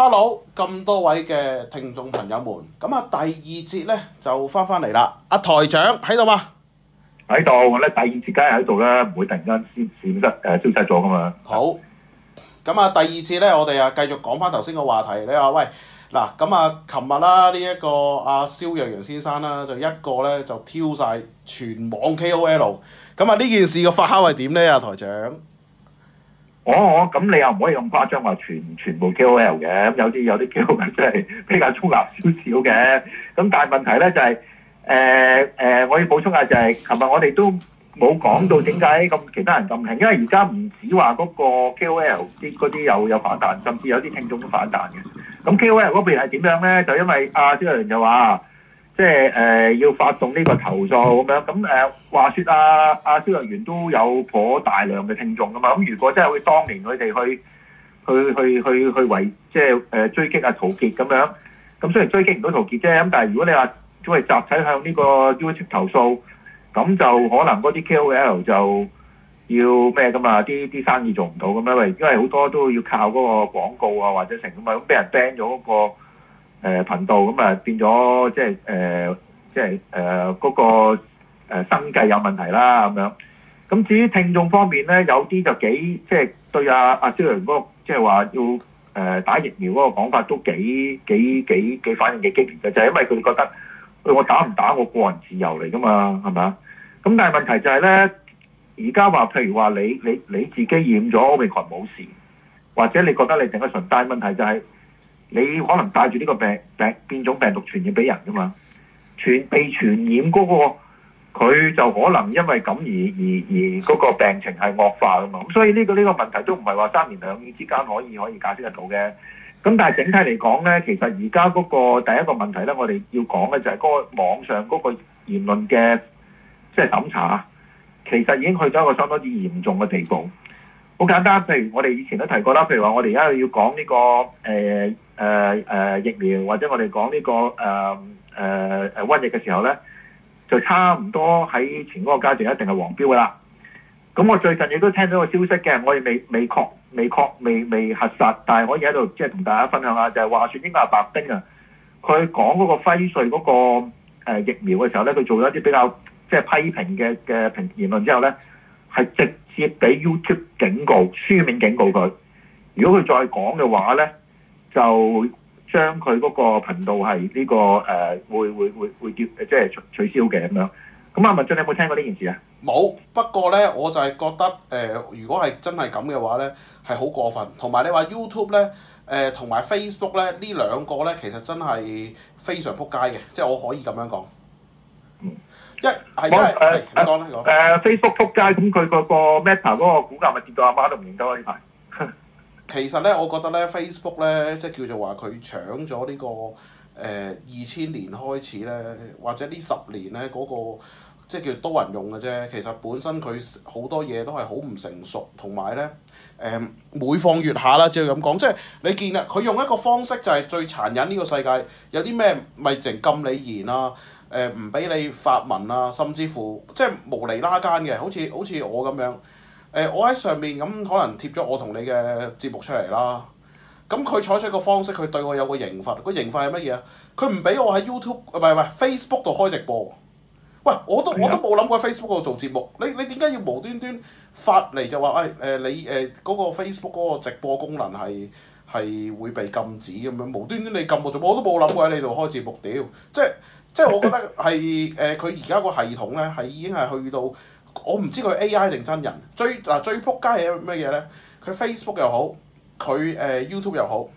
hello，咁多位嘅聽眾朋友們，咁啊第二節咧就翻翻嚟啦。阿台長喺度嘛？喺度，我咧第二節梗係喺度啦，唔會突然間閃失誒消失咗噶嘛。好，咁啊第二節咧，我哋啊繼續講翻頭先個話題。你話喂，嗱咁啊，琴日啦呢一個阿蕭若元先生啦，就一個咧就挑曬全網 KOL。咁啊呢件事嘅發酵係點咧？阿台長？我我咁你又唔可以咁誇張話全全部 K O L 嘅，咁、嗯、有啲有啲 K O L 真係比較粗壓少少嘅，咁、嗯、但係問題咧就係、是，誒、呃、誒、呃，我要補充下就係、是，琴日我哋都冇講到點解咁其他人咁勁，因為而家唔止話嗰個 K O L 啲嗰啲有有反彈，甚至有啲聽眾都反彈嘅。咁 K O L 嗰邊係點樣咧？就因為阿張學源就話，即係誒、呃、要發動呢個投訴咁樣，咁、啊、誒話説阿阿蕭若元都有頗大量嘅聽眾㗎嘛，咁、啊、如果真係佢當年佢哋去去去去去維即係誒、呃、追擊阿、啊、陶傑咁樣，咁雖然追擊唔到陶傑啫，咁但係如果你話都係集體向呢個 YouTube 投訴，咁就可能嗰啲 KOL 就要咩㗎嘛，啲啲生意做唔到咁樣，因為好多都要靠嗰個廣告啊或者成㗎嘛，咁俾人 ban 咗嗰個。誒頻道，咁啊變咗即係誒即係誒嗰個生計有問題啦咁樣。咁至於聽眾方面咧，有啲就幾即係對阿阿朱雷嗰個即係話要誒打疫苗嗰個講法都幾幾幾幾反應幾激烈嘅，就係、是、因為佢覺得、欸、我打唔打我個人自由嚟㗎嘛，係咪啊？咁但係問題就係、是、咧，而家話譬如話你你你自己染咗 Omicron 冇事，或者你覺得你頂得順帶問題就係、是。你可能帶住呢個病病變種病毒傳染俾人㗎嘛，傳被傳染嗰個佢就可能因為咁而而而嗰個病情係惡化㗎嘛，咁所以呢個呢個問題都唔係話三年兩年之間可以可以解釋得到嘅。咁但係整體嚟講咧，其實而家嗰個第一個問題咧，我哋要講嘅就係嗰個網上嗰個言論嘅即係審查，其實已經去到一個相當之嚴重嘅地步。好簡單，譬如我哋以前都提過啦，譬如話我哋而家要講呢個誒。呃誒誒、呃、疫苗或者我哋講呢、這個誒誒誒瘟疫嘅時候咧，就差唔多喺前嗰個階段一定係黃標嘅啦。咁我最近亦都聽到個消息嘅，我哋未未確未確未未，未核實，但係可以喺度即係同大家分享下，就係、是、話傳英國阿白丁啊，佢講嗰個輝瑞嗰、那個、呃、疫苗嘅時候咧，佢做咗一啲比較即係批評嘅嘅評言論之後咧，係直接俾 YouTube 警告書面警告佢，如果佢再講嘅話咧，就將佢嗰個頻道係呢、呢個誒、呃，會會會會叫即係取消嘅咁樣。咁阿文俊，你有冇聽過呢件事啊？冇。不過咧，我就係覺得誒、呃，如果係真係咁嘅話咧，係好過分。同埋你話 YouTube 咧，誒同埋 Facebook 咧，呢兩個咧，其實真係非常撲街嘅，即係我可以咁樣講。嗯、一係因為點講咧？誒、呃、Facebook 撲街，咁佢嗰個 Meta 嗰個股價咪跌到阿媽都唔認得呢排。其實咧，我覺得咧，Facebook 咧，即係叫做話佢搶咗呢個誒二千年開始咧，或者呢十年咧嗰個即係叫多人用嘅啫。其實本身佢好多嘢都係好唔成熟，同埋咧誒每況月下啦，即係咁講。即係你見啦，佢用一個方式就係最殘忍，呢個世界有啲咩咪淨禁你言啊，誒唔俾你發文啊，甚至乎即係無厘拉間嘅，好似好似我咁樣。誒、呃、我喺上面咁、嗯、可能貼咗我同你嘅節目出嚟啦，咁、嗯、佢採取一個方式，佢對我有個刑罰，個刑罰係乜嘢啊？佢唔俾我喺 YouTube 唔、呃、係唔係 Facebook 度開直播。喂，我都呦我都冇諗過喺 Facebook 度做節目。你你點解要無端端發嚟就話誒誒你誒嗰、呃嗰個 Facebook 嗰個直播功能係係會被禁止，咁樣，無端端你禁我做，我都冇諗過喺你度開節目屌。即係即係我覺得係誒佢而家個系統咧係已經係去到。我唔知佢 AI 定真人。最嗱最撲街係咩嘢咧？佢 Facebook 又好，佢誒、呃、YouTube 又好，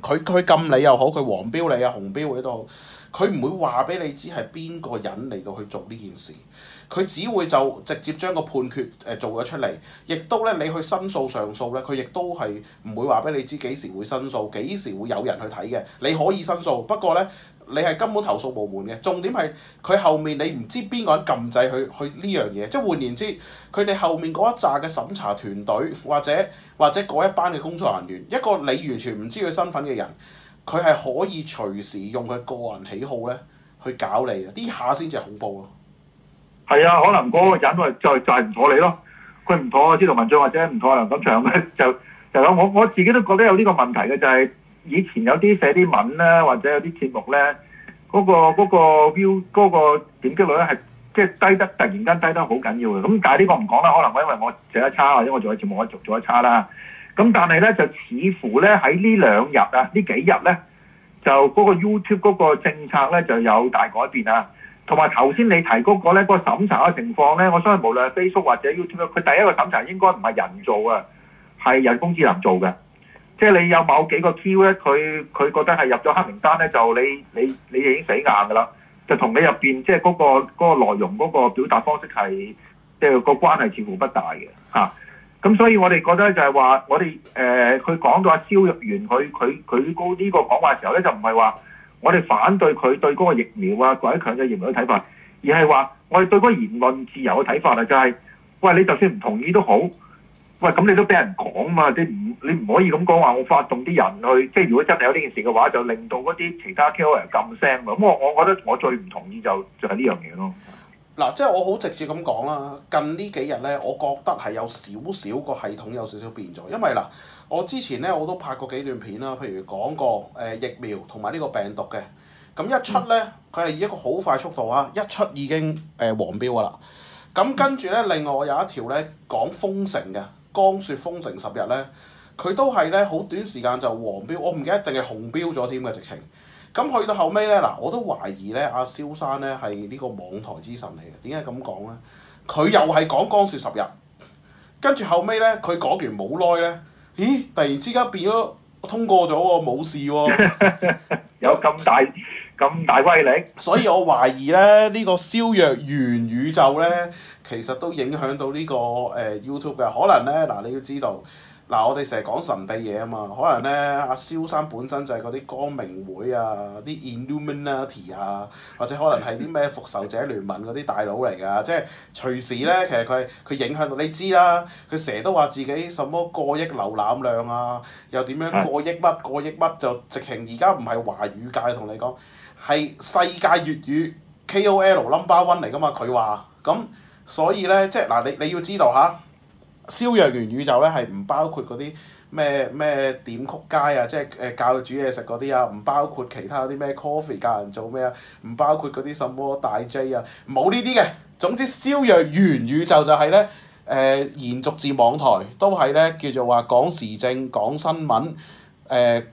佢佢禁你又好，佢黃標你啊紅標都好，佢唔會話俾你知係邊個人嚟到去做呢件事。佢只會就直接將個判決誒做咗出嚟。亦都咧，你去申訴上訴咧，佢亦都係唔會話俾你知幾時會申訴，幾時會有人去睇嘅。你可以申訴，不過咧。你係根本投訴無門嘅，重點係佢後面你唔知邊個人撳制佢，佢呢樣嘢，即係換言之，佢哋後面嗰一紮嘅審查團隊，或者或者嗰一班嘅工作人員，一個你完全唔知佢身份嘅人，佢係可以隨時用佢個人喜好咧去搞你啊！啲下先至恐怖咯。係啊，可能嗰個人就就係唔妥你咯，佢唔妥啊，司徒文進或者唔妥啊，梁錦祥嘅就就咁，我我自己都覺得有呢個問題嘅就係、是。以前有啲寫啲文咧，或者有啲節目咧，嗰個嗰個 view 嗰個點擊率咧，係即係低得突然間低得好緊要嘅。咁但係呢個唔講啦，可能我因為我寫得差，或者我做啲節目我做做得差啦。咁但係咧就似乎咧喺呢兩日啊，呢幾日咧就嗰個 YouTube 嗰個政策咧就有大改變啊。同埋頭先你提嗰個咧嗰個審查嘅情況咧，我相信無論係 Facebook 或者 YouTube，佢第一個審查應該唔係人做啊，係人工智能做嘅。即係你有某幾個 keyword，佢佢覺得係入咗黑名單咧，就你你你已經死硬㗎啦。就同你入邊即係嗰個嗰個內容嗰個表達方式係，即係個關係似乎不大嘅嚇。咁所以我哋覺得就係話，我哋誒佢講到阿蕭若元佢佢佢嗰呢個講話時候咧，就唔係話我哋反對佢對嗰個疫苗啊，或者強制疫苗嘅睇法，而係話我哋對嗰個言論自由嘅睇法啊，就係喂你就算唔同意都好。喂，咁你都俾人講嘛？啲唔你唔可以咁講話，我發動啲人去，即係如果真係有呢件事嘅話，就令到嗰啲其他 KOL 噤聲喎。咁我我覺得我最唔同意就就係呢樣嘢咯。嗱，即係我好直接咁講啦。近呢幾日咧，我覺得係有少少個系統有少少變咗，因為嗱，我之前咧我都拍過幾段片啦，譬如講過誒疫苗同埋呢個病毒嘅。咁一出咧，佢係以一個好快速度啊，一出已經誒黃標㗎啦。咁跟住咧，另外我有一條咧講封城嘅。江雪封城十日咧，佢都係咧好短時間就黃標，我唔記得定係紅標咗添嘅直情。咁去到後尾咧，嗱我都懷疑咧阿蕭生咧係呢個網台之神嚟嘅。點解咁講咧？佢又係講江雪十日，跟住後尾咧，佢講完冇耐咧，咦？突然之間變咗通過咗喎，冇事喎，哦， 有咁大？咁大威力， 所以我懷疑咧呢、呢個蕭若元宇宙咧，其實都影響到呢、呢個誒、呃、YouTube 嘅。可能咧嗱，你要知道，嗱我哋成日講神秘嘢啊嘛，可能咧阿蕭生本身就係嗰啲光明會啊，啲 Illuminati 啊，或者可能係啲咩復仇者聯盟嗰啲大佬嚟㗎，即係隨時咧其實佢佢影響到你知啦，佢成日都話自己什麼過億瀏覽量啊，又點樣過億乜過億乜，就直情而家唔係華語界同你講。係世界粵語 K.O.L. number one 嚟㗎嘛？佢話咁，所以咧即係嗱，你你要知道嚇，蕭若元宇宙咧係唔包括嗰啲咩咩點曲街啊，即係誒教佢煮嘢食嗰啲啊，唔包括其他嗰啲咩 coffee 教人做咩啊，唔包括嗰啲什麼大 J 啊，冇呢啲嘅。總之，蕭若元宇宙就係咧誒延續至網台，都係咧叫做話講時政、講新聞誒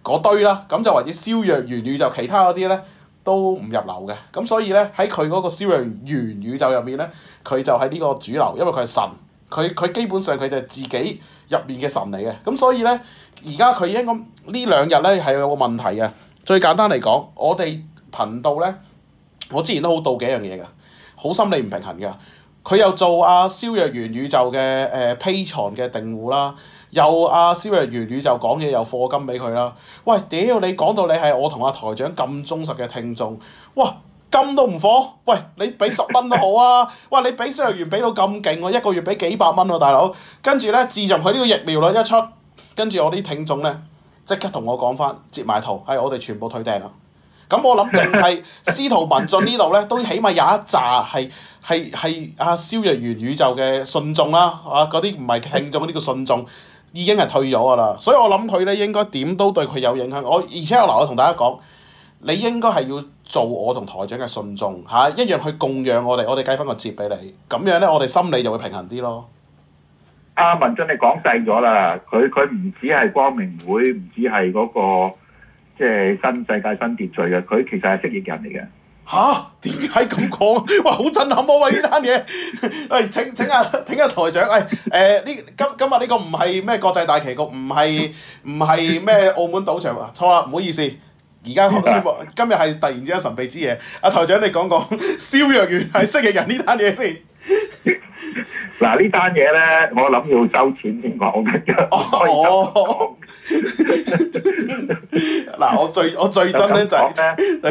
嗰、呃、堆啦。咁就或者蕭若元宇宙其他嗰啲咧。呢都唔入流嘅，咁所以咧喺佢嗰個蕭若元宇宙入面咧，佢就係呢個主流，因為佢係神，佢佢基本上佢就係自己入面嘅神嚟嘅，咁所以咧而家佢應該呢兩日咧係有個問題嘅。最簡單嚟講，我哋頻道咧，我之前都好妒忌一樣嘢㗎，好心理唔平衡㗎。佢又做阿蕭若元宇宙嘅誒 Patreon 嘅訂戶啦。又阿、啊、蕭若元宇宙講嘢又課金俾佢啦。喂，屌你講到你係我同阿、啊、台長咁忠實嘅聽眾，哇，金都唔課。喂，你俾十蚊都好啊。喂，你俾蕭若元俾到咁勁喎，一個月俾幾百蚊喎、啊，大佬。跟住呢，自從佢呢個疫苗咧一出，跟住我啲聽眾呢，即刻同我講翻，截埋圖，係、哎、我哋全部退訂啦。咁我諗淨係司徒文進呢度呢，都起碼有一紮係係係阿蕭若元宇宙嘅信眾啦，啊嗰啲唔係聽眾嗰啲叫信眾。啊已經係退咗㗎啦，所以我諗佢咧應該點都對佢有影響。我而且我嗱，我同大家講，你應該係要做我同台長嘅信眾嚇、啊，一樣去供養我哋，我哋計翻個折俾你，咁樣咧我哋心理就會平衡啲咯。阿、啊、文俊你講細咗啦，佢佢唔止係光明會，唔止係嗰個即係、就是、新世界新秩序嘅，佢其實係蜥蜴人嚟嘅。吓？點解咁講？哇，好震撼喎、啊！呢單嘢，誒請請啊請啊台長，誒誒呢今今日呢個唔係咩國際大棋局，唔係唔係咩澳門賭場，錯啦唔好意思。而家宣布今日係突然之間神秘之夜。阿、啊、台長你講講蕭若元係蜥蜴人呢單嘢先。嗱呢單嘢咧，我諗要收錢先講嘅。哦。嗱，我最我最憎咧就係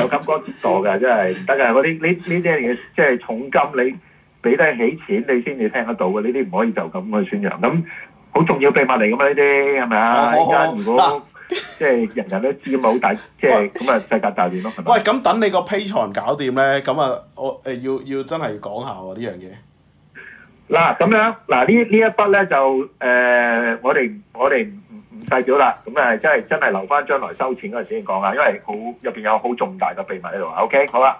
有感覺跌墮嘅，真係唔得噶。嗰啲呢呢啲嘢，即係重金，你俾得起錢你先至聽得到嘅。呢啲唔可以就咁去宣揚。咁好重要秘密嚟噶嘛？呢啲係咪啊？而家好如果即係、啊、人人都知，咪好大即係咁啊？就是、 世界大亂咯。喂，咁等你個 Patreon 搞掂咧，咁啊，我誒要要真係要講下喎呢樣嘢。嗱咁樣，嗱呢呢一筆咧就誒、呃，我哋我哋唔唔細表啦，咁誒真係真係留翻將來收錢嗰陣先講啦，因為好入邊有好重大嘅秘密喺度 OK，好啦，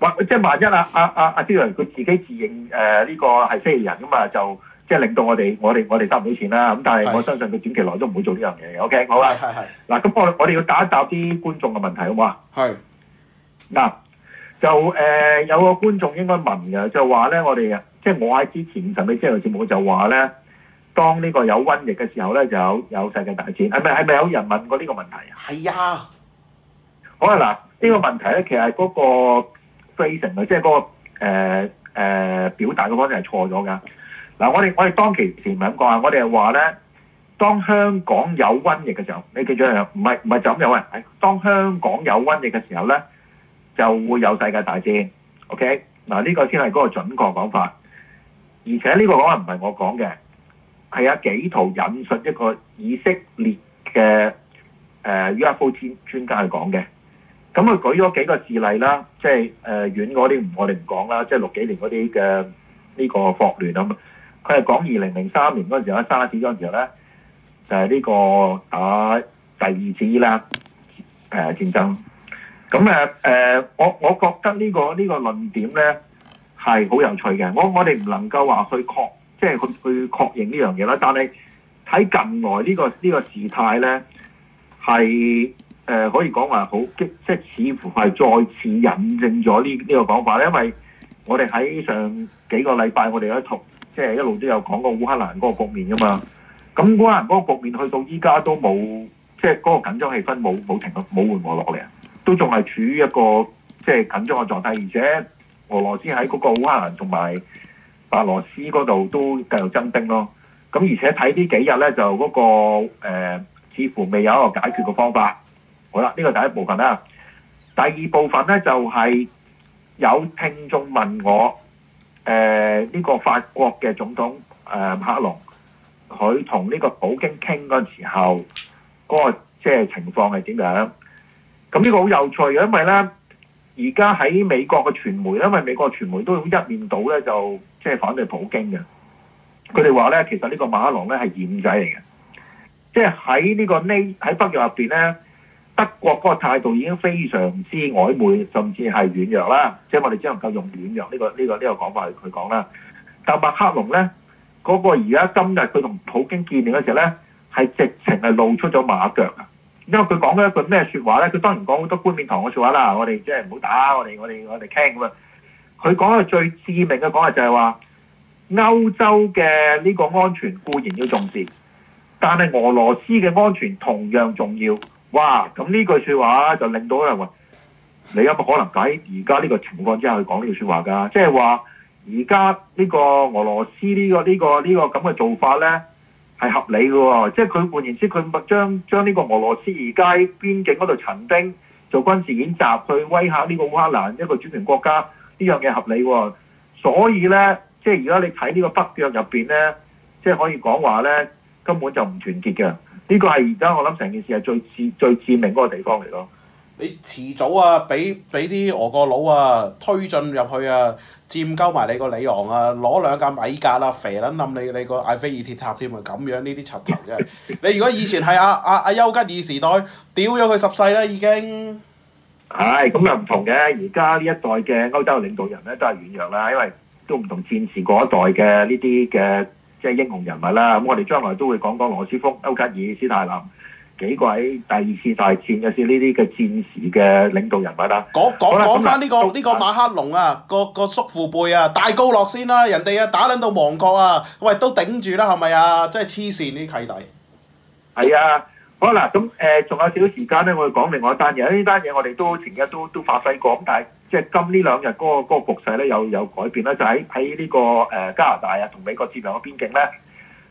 或即係萬一啊啊啊啊，呢個人佢自己自認誒呢、呃這個係非人咁嘛，就即係令到我哋我哋我哋收唔到錢啦。咁但係我相信佢短期內都唔會做呢樣嘢嘅。是 OK，好啊。係係嗱咁我我哋要打一答啲觀眾嘅問題好唔好啊？係是。嗱就誒、呃、有個觀眾應該問嘅就話咧，我哋。即係我喺之前神秘之後節目就話咧，當呢個有瘟疫嘅時候咧，就有有世界大戰。係咪係咪有人問過呢個問題啊？係啊是呀。好啊嗱，呢個問題咧，其實嗰個 phrasing 即係嗰、嗰個誒、呃呃、表達嘅方式係錯咗㗎。嗱，我哋我哋當其時唔係咁講啊，我哋係話咧，當香港有瘟疫嘅時候，你記住唔係唔係就咁有啊。當香港有瘟疫嘅時候咧，就會有世界大戰。OK，嗱、啊、呢、這個先係嗰個準確講法。而且呢個可能唔係我講嘅，係有幾圖引述一個以色列嘅誒、呃、UFO 專專家去講嘅。咁、嗯、佢舉咗幾個事例啦，即係誒、呃、遠嗰啲唔我哋唔講啦，即係六幾年嗰啲嘅呢個霍亂啊嘛。佢、嗯、係講二零零三年嗰時候沙士嗰陣時候咧，就係、是、呢個啊第二次啦誒、呃、戰爭。咁誒誒，我我覺得呢、呢個呢、呢個論點咧，係好有趣嘅，我我哋唔能夠話去確，即係去去確認呢樣嘢啦。但係睇近來、這個這個、呢個呢個事態咧，係誒、呃、可以講話好激，即係似乎係再次引證咗呢呢個講、這個、法啦。因為我哋喺上幾個禮拜，我哋一同，即係一路都有講過烏克蘭嗰個局面㗎嘛。咁烏克蘭嗰個局面去到依家都冇，即係嗰個緊張氣氛冇冇停過，冇緩和落嚟，都仲係處於一個即係緊張嘅狀態，而且，俄羅斯喺嗰個烏克蘭同埋白羅斯嗰度都繼續增兵咯。咁而且睇呢幾日咧，就嗰、那個、呃、似乎未有一個解決嘅方法。好啦，呢個第一部分啦。第二部分咧就係、是、有聽眾問我誒呢、呃這個法國嘅總統誒、呃、馬克龍，佢同呢個普京傾嗰陣時候嗰、那個即係、呃、情況係點樣？咁呢個好有趣嘅，因為咧。而家喺美國嘅傳媒，因為美國嘅傳媒都用一面倒咧，就即係反對普京嘅。佢哋話咧，其實呢個馬克龍咧係僞仔嚟嘅，即係喺、這個、呢個呢喺北約入邊咧，德國嗰個態度已經非常之曖昧，甚至係軟弱啦。即係我哋只能夠用軟弱呢、這個呢、這個呢、這個講、這個、法去講啦。但係馬克龍咧，嗰、那個而家今日佢同普京見面嘅時候咧，係直情係露出咗馬腳啊！因為佢講咗一句咩説話咧？佢當然講好多冠冕堂皇嘅説話啦。我哋即係唔好打，我哋我哋我哋傾咁啊。佢講嘅最致命嘅講話就係話，歐洲嘅呢個安全固然要重視，但係俄羅斯嘅安全同樣重要。哇！咁呢句説話就令到有人話：你有冇可能喺而家呢個情況之下去講呢句説話㗎？即係話，而家呢個俄羅斯呢個呢個呢個咁嘅做法咧？係合理嘅喎，即係佢換言之，佢咪將將呢個俄羅斯而家邊境嗰度陳兵做軍事演習，去威嚇呢個烏克蘭一個主權國家，呢樣嘢合理喎。所以呢，即係而家你睇呢個北約入邊呢，即係可以講話呢，根本就唔團結嘅。呢個係而家我諗成件事係最致最致命嗰個地方嚟咯。你遲早啊，俾俾啲俄國佬啊推進入去啊，佔鳩埋你個里昂啊，攞兩架米格啦、啊，肥撚冧你你個埃菲爾鐵塔添啊！咁樣呢啲柒頭啫。 你如果以前係阿阿阿丘吉爾時代，屌咗佢十世啦已經。係咁又唔同嘅，而家呢一代嘅歐洲領導人咧都係軟弱啦，因為都唔同戰時嗰一代嘅呢啲嘅即係英雄人物啦。咁我哋將來都會講講羅斯福、丘吉爾、斯大林。幾位第二次大戰有似呢啲嘅戰士嘅領導人物啦。講講講翻呢個呢、嗯、個馬克龍啊，啊個個叔父輩啊，大高落先啦、啊，人哋啊打撚到亡國啊，喂都頂住啦，係咪啊？真係黐線呢契弟。係啊，好啦咁誒，仲、呃、有少少時間咧，我哋講另外一單嘢。呢單嘢我哋都前日都都發揮過，咁但係即係今呢兩日嗰、那個局勢咧有有，有改變啦，就喺喺呢個誒、呃、加拿大啊同美國接壤嘅邊境咧。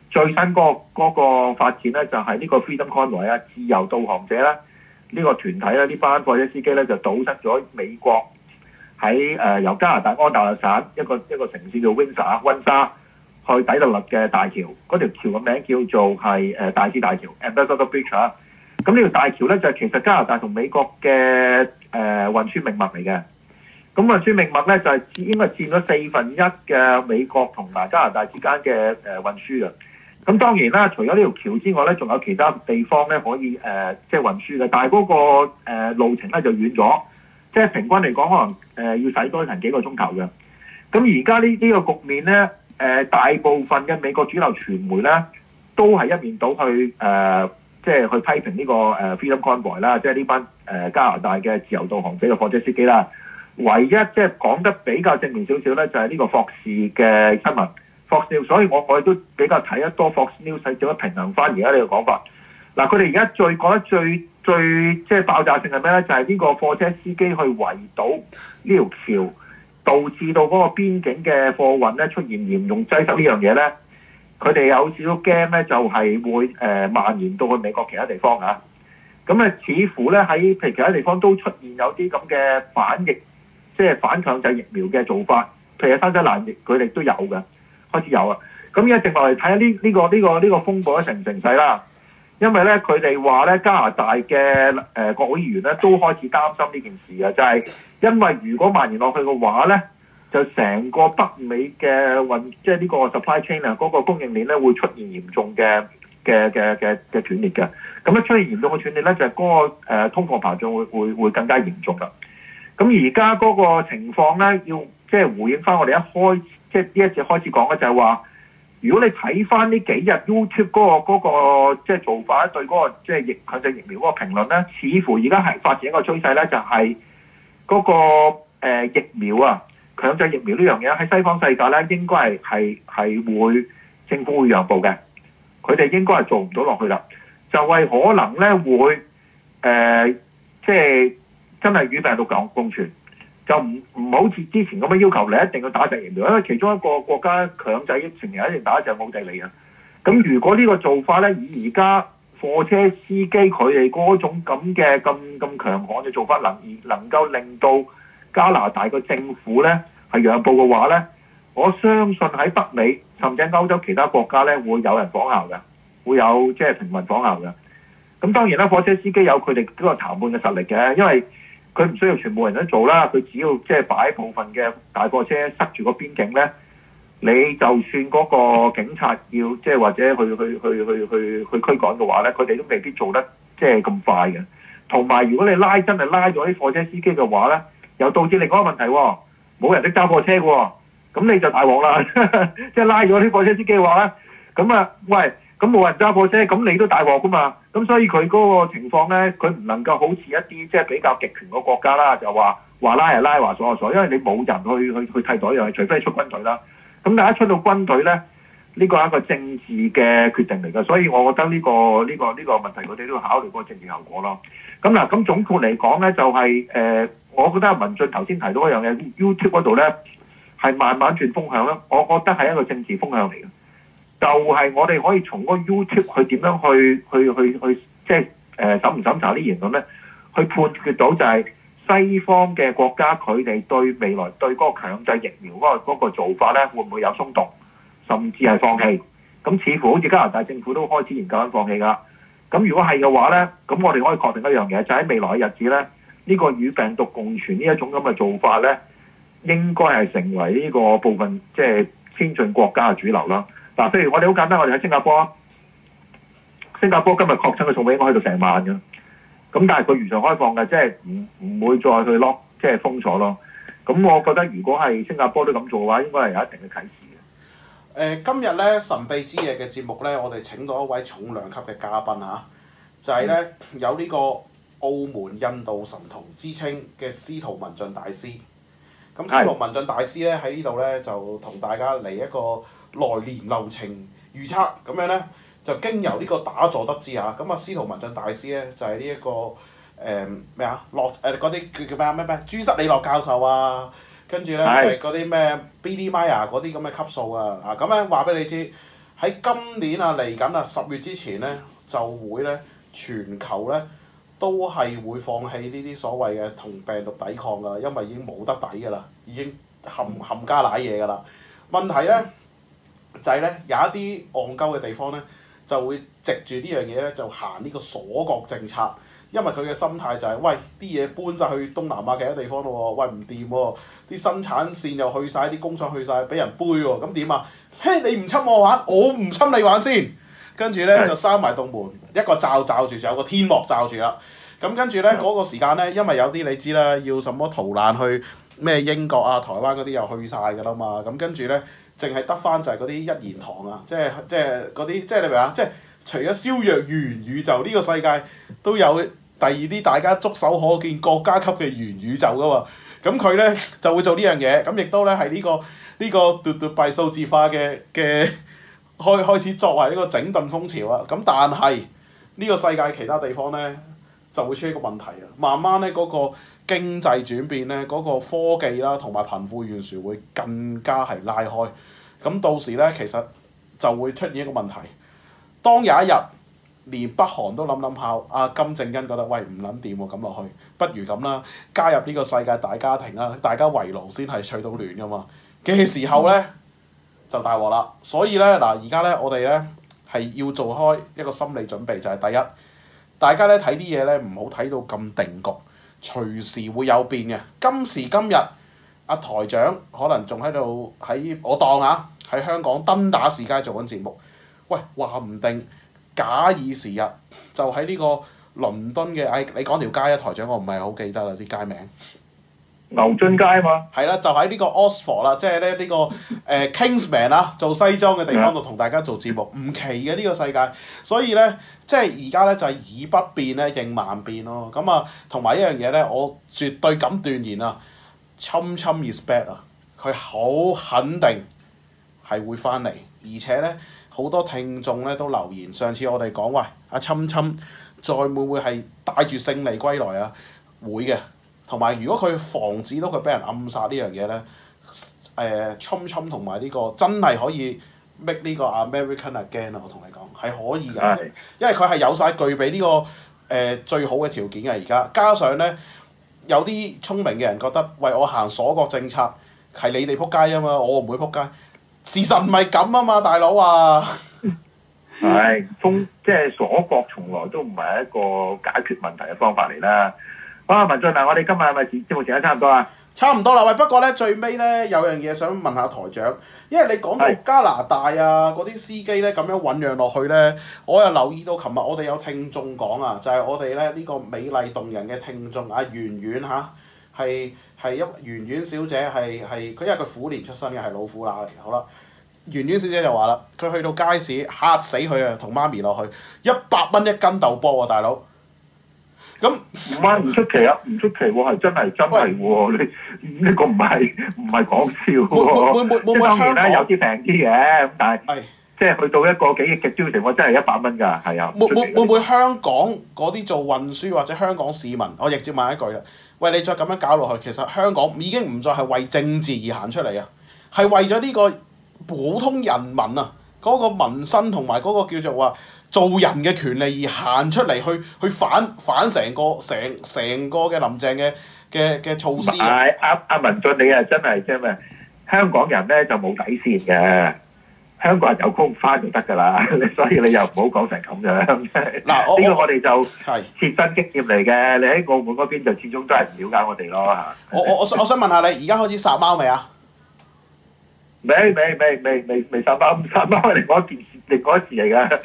最新嗰嗰、那個發展咧，就係呢個 Freedom Convoy 啊，自由導航者咧，呢、這個團體咧，呢班貨車司機咧就堵塞咗美國喺誒、呃、由加拿大安大略省一個一個城市叫 Windsor, 溫莎，溫莎去底特律嘅大橋。嗰條橋嘅名叫做係誒、呃、大使大橋 Ambassador Bridge 啊。咁呢條大橋咧就係、是、其實加拿大同美國嘅誒、呃、運輸命脈嚟嘅。咁、嗯、運輸命脈咧就係、是、應該佔咗四分一嘅美國同埋加拿大之間嘅誒、呃、運輸嘅。咁當然啦，除咗呢條橋之外咧，仲有其他地方咧可以誒、呃，即係運輸嘅，但係嗰、那個、呃、路程咧就遠咗，即係平均嚟講，可能誒、呃、要使多成幾個鐘頭嘅。咁而家呢呢個局面咧，誒、呃、大部分嘅美國主流傳媒咧，都係一面倒去誒、呃，即係去批評呢個誒 Freedom Convoy 啦，即係呢班誒加拿大嘅自由導航者嘅貨車司機啦。唯一即係講得比較正面少少咧，就係呢個霍士嘅新聞。Fox News，所以我我哋都比較睇得多 Fox News，使一平衡翻而家呢個講法。嗱，佢哋而家最覺得最最即係爆炸性係咩咧？就係、是、呢個貨車司機去圍堵呢條橋，導致到嗰個邊境嘅貨運咧出現嚴重擠塞，呢樣嘢呢，佢哋有少少驚呢，就係會誒、呃、蔓延到去美國其他地方嚇、啊。咁啊，似乎呢，喺譬如其他地方都出現有啲咁嘅反疫，即係反強制疫苗嘅做法。譬如啊，新西蘭疫佢哋都有嘅。開始有啊，咁而家直落嚟睇下呢呢個呢、呢個呢、呢個風暴一成唔成勢啦，因為咧佢哋話咧加拿大嘅誒、呃、國會議員咧都開始擔心呢件事啊，就係、是、因為如果蔓延落去嘅話咧，就成個北美嘅運即係呢個 supply chain 啊嗰個供應鏈咧會出現嚴重嘅嘅嘅嘅嘅斷裂嘅，咁一出現嚴重嘅斷裂咧，就係、是、嗰、那個、呃、通貨膨脹會會會更加嚴重噶，咁而家嗰個情況咧要即係回應返我哋一開始。即係呢一節開始講嘅就係話，如果你睇翻呢幾日 YouTube 嗰、那個即係、那個就是、做法對嗰、那個即係、就是、強制疫苗嗰個評論咧，似乎而家係發展一個趨勢咧，就係、是、嗰、那個、呃、疫苗啊，強制疫苗呢樣嘢喺西方世界咧，應該係係係會政府會讓步嘅，佢哋應該係做唔到落去啦，就係、是、可能咧會誒、呃、即係真係與病毒講共存。就唔唔好似之前咁樣要求你一定要打疫苗，因為其中一個國家強制成日一定打就係奧地利。咁如果呢個做法呢，以而家貨車司機佢哋嗰種咁嘅咁咁強悍嘅做法，能能夠令到加拿大嘅政府呢係讓步嘅話呢，我相信喺北美甚至歐洲其他國家呢，會有人仿效嘅，會有即係平民仿效嘅。咁當然啦，貨車司機有佢哋嗰個談判嘅實力嘅，因為佢唔需要全部人都做啦，佢只要即係擺部分嘅大貨車塞住個邊境呢，你就算嗰個警察要即係或者去去去去去去驅趕嘅話呢，佢哋都未必做得即係咁快嘅。同埋如果你拉真係拉咗啲貨車司機嘅話呢，又導致另一個問題喎、哦，冇人識揸貨車嘅喎、哦，咁你就大鑊啦， 即係拉咗啲貨車司機嘅話呢，咁啊喂！咁冇人揸貨車，咁你都大鑊噶嘛？咁所以佢嗰個情況咧，佢唔能夠好似一啲即係比較極權嘅國家啦，就話話拉啊拉，話所啊所，因為你冇人去去去替代嘅，除非出軍隊啦。咁但係一出到軍隊咧，呢、這個係一個政治嘅決定嚟㗎，所以我覺得呢、這個呢、這個呢、這個問題，我哋都要考慮嗰個政治效果咯。咁嗱，咁總括嚟講咧，就係、是、誒、呃，我覺得文進頭先提到一樣嘢，YouTube 嗰度咧係慢慢轉風向啦，我覺得係一個政治風向嚟㗎。就係我哋可以從嗰個 YouTube 去點樣去去去去，即係誒審唔審查啲言論咧？去判決到就係西方嘅國家，佢哋對未來對嗰個強制疫苗嗰個嗰個做法咧，會唔會有鬆動，甚至係放棄？咁似乎好似加拿大政府都開始研究緊放棄㗎。咁如果係嘅話咧，咁我哋可以確定一樣嘢，就喺未來嘅日子咧，呢個與病毒共存呢一種咁嘅做法咧，應該係成為呢個部分即係先進國家嘅主流啦。嗱，譬如我哋好簡單，我哋喺新加坡啊，新加坡今日確診嘅數應該去到成萬嘅，咁但係佢如常開放嘅，即係唔唔會再去 lock，即係封鎖咯。咁我覺得如果係新加坡都咁做嘅話，應該係有一定嘅啟示嘅。誒、呃，今日咧神秘之夜嘅節目咧，我哋請到一位重量級嘅嘉賓嚇、啊，就係、是、咧、嗯、有呢個澳門印度神童之稱嘅司徒文進大師。咁司徒文進大師咧喺呢度咧是就同大家嚟一個。 來年流程預測咁樣咧，就經由呢個打坐得知嚇。咁啊，司徒文進大師咧就係呢一個誒咩啊，洛誒嗰啲叫叫咩啊咩咩朱塞里諾教授啊，跟住咧就係嗰啲咩 Billy Meyer 嗰啲咁嘅級數啊。啊，咁咧話俾你知，喺今年啊嚟緊啊十月之前咧就會咧全球咧都係會放棄呢啲所謂嘅同病毒抵抗㗎啦，因為已經冇得抵㗎啦，已經冚冚家瀨嘢㗎啦。問題咧～就係咧有一啲戇鳩嘅地方咧，就會籍住呢樣嘢咧，就行呢個鎖國政策。因為佢嘅心態就係：喂，啲嘢搬晒去東南亞其他地方咯喎，喂唔掂喎，啲生產線又去晒，啲工廠去晒，俾人背喎，咁點啊？嘿，你唔侵我玩，我唔侵你玩先。跟住咧就閂埋棟門，一個罩罩住，就有個天幕罩住啦。咁跟住咧嗰個時間咧，因為有啲你知啦，要什麼逃難去咩英國啊、台灣嗰啲又去晒㗎啦嘛。咁跟住咧。淨係得翻就係嗰啲一言堂啊，即係即係嗰啲，即係你明唔明啊？即係除咗消弱元宇宙呢個世界，都有第二啲大家觸手可見國家級嘅元宇宙噶嘛。咁佢咧就會做呢樣嘢，咁亦都咧係呢個呢個奪奪幣數字化嘅嘅開開始作為呢個整頓風潮啊。咁但係呢個世界其他地方咧，就會出現一個問題啊！慢慢咧嗰個經濟轉變咧，嗰個科技啦同埋貧富懸殊會更加係拉開。咁到時咧，其實就會出現一個問題。當有一日連北韓都諗諗下，阿金正恩覺得喂唔撚掂喎，咁落去不如咁啦，加入呢個世界大家庭啦，大家圍爐先係取到暖㗎嘛。嘅時候咧就大鑊啦。所以咧嗱，而家咧我哋咧係要做開一個心理準備，就係第一。大家咧睇啲嘢咧，唔好睇到咁定局，隨時會有變嘅。今時今日，阿台長可能仲喺度喺我當啊，喺香港登打士街做緊節目。喂，話唔定假以時日，就喺呢個倫敦嘅，哎，你講條街啊，台長，我唔係好記得啦啲街名。牛津街嘛，係啦，就喺呢個 Oxford 啦，即係咧呢個誒 Kingsman 啦，做西裝嘅地方度同大家做節目，唔奇嘅呢個世界，所以咧即係而家咧就係以不變咧應萬變咯。咁啊，同埋一樣嘢咧，我絕對敢斷言啊，侵侵 respect 啊，佢好肯定係會翻嚟，而且咧好多聽眾咧都留言，上次我哋講喂，阿侵侵再會唔會係帶住勝利歸來啊，會嘅。同埋，如果佢防止到佢俾人暗殺呢樣嘢咧，誒、呃，沖沖同埋呢個真係可以 make 呢個 American again 啊！我同你講係可以嘅，的因為佢係有晒具備呢、這個誒、呃、最好嘅條件啊。而家，加上咧有啲聰明嘅人覺得，喂，我行鎖國政策係你哋撲街啊嘛，我唔會撲街，事實唔係咁啊嘛，大佬啊，係、 哎、封即係、就是、鎖國，從來都唔係一個解決問題嘅方法嚟啦。好啊、哦，文俊嗱，我哋今日係咪節目時間差唔多啊？差唔多啦，喂！不過咧，最尾咧有樣嘢想問下台長，因為你講到加拿大啊，嗰啲司機咧咁樣醖釀落去咧，我又留意到琴日我哋有聽眾講啊，就係、是、我哋咧呢、這個美麗動人嘅聽眾阿、啊、圓圓吓，係係一圓圓小姐係係佢因為佢虎年出生嘅係老虎乸嚟嘅，好啦，圓圓小姐就話啦，佢去到街市嚇死佢啊，同媽咪落去一百蚊一斤豆波喎、啊，大佬。咁唔係唔出奇啊，唔出奇喎，係真係真係喎，你呢個唔係唔係講笑喎。會會會會會唔會香港有啲平啲嘅？但係即係去到一個幾億嘅焦點，我真係一百蚊㗎，係啊。會會會唔會香港嗰啲做運輸或者香港市民？我直接問一句啦。喂，你再咁樣搞落去，其實香港已經唔再係為政治而行出嚟啊，係為咗呢個普通人民啊！嗰個民生同埋嗰個叫做話做人嘅權利而行出嚟去去反反成個成成個嘅林鄭嘅嘅嘅措施，唔係阿阿文進，你啊，真係即係香港人咧就冇底線嘅，香港人有工返就得㗎啦，所以你又唔好講成咁樣。嗱呢個我哋就係切身經驗嚟嘅，的你喺澳門嗰邊就始終都係唔了解我哋咯嚇。我我我想問下你，而家開始殺貓未啊？未未未未未未，三百五十蚊另外一件事，另一事嚟㗎。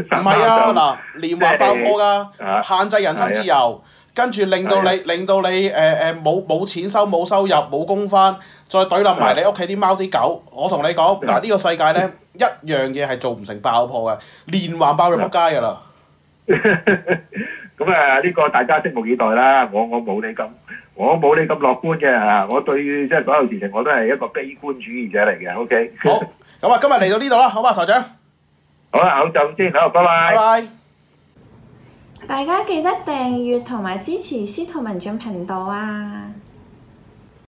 唔係啊嗱，連環爆破㗎，限制人身自由，跟住令到你令到你誒誒冇冇錢收冇收入冇工返，再懟冧埋你屋企啲貓啲狗，我同你講嗱，呢個世界咧一樣嘢係做唔成爆破嘅，連環爆就撲街㗎啦。咁啊，呢個大家拭目以待啦。我我冇你咁，我冇你咁樂觀嘅吓。我對即係所有事情，我都係一個悲觀主義者嚟嘅。O、okay? K。好，咁啊，今日嚟到呢度啦。好嗎，台長。好啦，口罩先，好，拜拜。拜拜 bye。大家記得訂閱同埋支持司徒文進頻道啊！